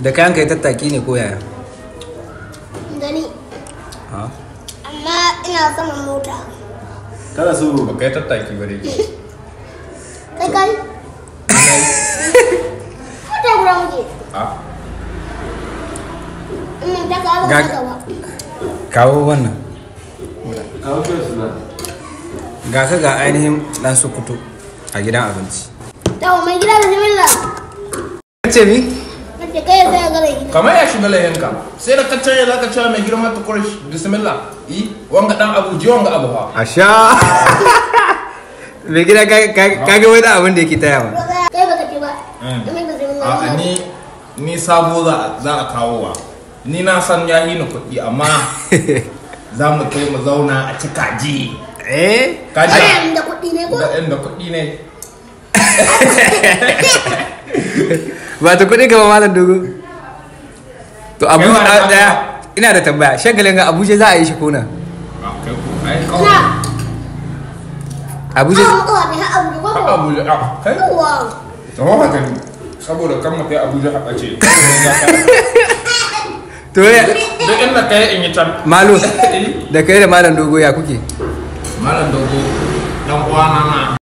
da kayan ka yi tattaki ne ko yaya gani amma ina saman mota kada su ba kai tattaki ba dai kai kai mota gura muke ha ina ga kawo wannan kawo ke su ga ka ga ainihin dan sokoto a gidan abinci dawo mai gida da jimilla ce mi ya ya gara yi ka ya shiga sai da kacce ya zaka cewa mai girma ta kurish bismillah yi wanga dan abu ji wanga abu ha asha mai gida kage wani abin da yake taya ba kai baka ba mm. a ni ni sabo za a kawo wa ni na san ya yi ni kuɗi amma za mu kai mu zauna a cika ji eh kaji da kuɗi ne ko da kuɗi ne ba ta kuɗi gaba malam dogo to abuja daya ina da tambaya shagalin ga abuja za a yi shi kona abuja abuja saboda kan mafi abuja a ce to ya inda in yi can malo eh? da kai da malam dogo ya kuke malam dogo dan uwa na